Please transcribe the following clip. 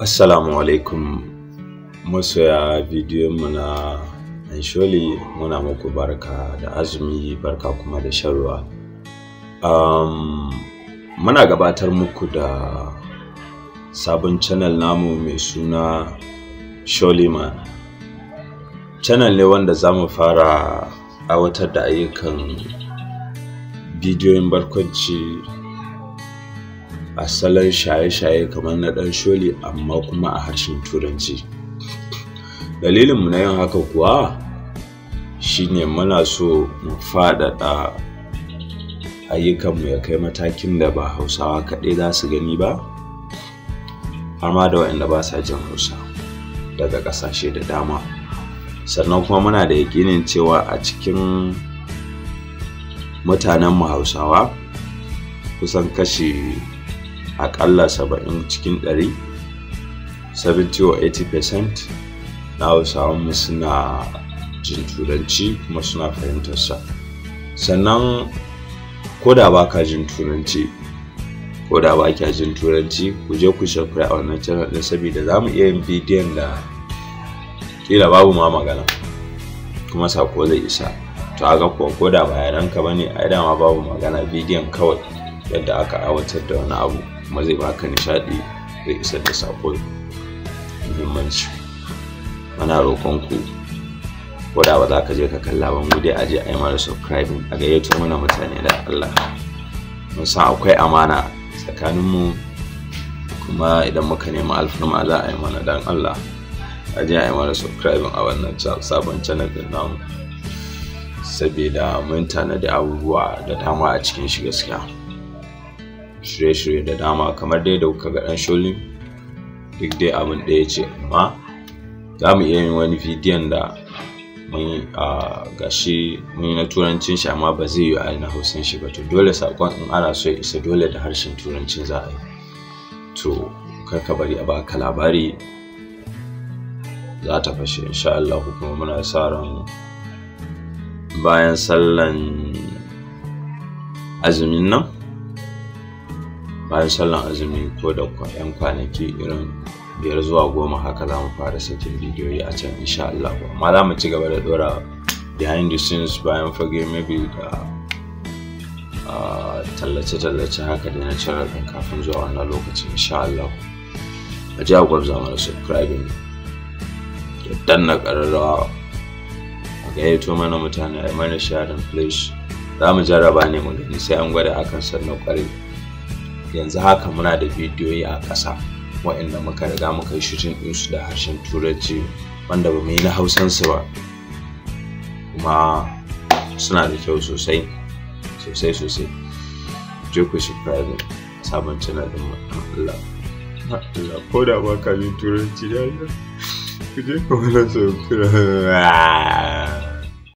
Assalamu alaikum masoya bidiyonmu na Ansholi muna muku barka da azumi barka kuma da shan Um, muna gabatar muku da sabon channel namu mai suna Sholiman. Channel ne wanda za mu fara awatar da ayyukan bidiyoyin barkwanci a salon shaye-shaye kamar na ɗan sholi amma kuma a harshen turanci dalilinmu na yin haka kuwa shine muna so mu faɗaɗa ayyukanmu ya kai matakin da ba hausawa kaɗai za su gani ba har ma da waɗanda ba sa jin hausa daga ƙasashe da dama sannan kuma muna da yakinin cewa a cikin mutanenmu hausawa kusan kashi akalla 70 cikin 100 70 or 80% na hausawanmu suna jin turanci kuma suna fahimtar sa. sannan ko ba ka jin turanci ko da ba kya jin turanci ku je ku shafi a wannan channel din saboda za mu iya yin bidiyon da kila babu ma magana kuma sako zai isa to ga kuwa ko da ba yaranka bane ai ma babu magana bidiyon kawai yadda aka aiwatar da wani abu kuma zai baka nishaɗi zai isar da sakon muhimmanci ana roƙon ku ko da ba za ka je ka kalla ba mu dai aje a yi mana subscribing a gayyato mana mutane da Allah mun san akwai amana tsakanin mu kuma idan muka nemi alfarma za a yi mana dan Allah a je a yi mana subscribing a wannan sabon channel din namu saboda mun tanadi abubuwa da dama a cikin shi gaskiya shirye-shirye da dama kamar dai da kuka ga ɗan sholin duk dai abin ɗaya ce amma za mu iya yin wani bidiyon da mun a gashi mun na turancin shi amma ba zai yi a na hausan shi ba to dole saƙon in ana so ya isa dole da harshen turancin za a yi to kar ka bari a baka labari za ta fashe insha Allah kuma muna sa ran bayan sallan azumin nan bayan sallan azumi ko da yan kwanaki irin biyar zuwa goma haka za mu fara sakin bidiyoyi a can insha Allah amma za mu ci gaba da dora behind the scenes bayan fage maybe da tallace-tallace haka da na cire ɗin kafin zuwa wannan lokacin insha Allah a ji agwab zama da subscribing da danna ƙararrawa a to mana mutane a mana sharing please za mu jarraba ne mu gani sai an gwada akan sannan ƙwarai yanzu haka muna da bidiyoyi a ƙasa waɗanda muka riga muka yi shirin ɗinsu da harshen turanci wanda ba mu yi na hausansu ba kuma suna da kyau sosai sosai sosai je ku subscribe sabon channel da mu Allah Allah ko da ba ka yi turanci da ku je ku mana subscribe